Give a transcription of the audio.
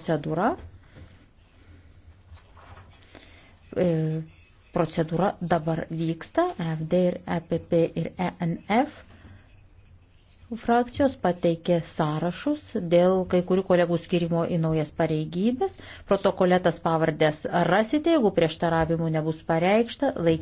procedūra. E, procedūra dabar vyksta, FD ir EPP ir ENF frakcijos pateikė sąrašus dėl kai kurių kolegų skirimo į naujas pareigybės. Protokoletas pavardės rasite, jeigu prieštaravimų nebus pareikšta. Laik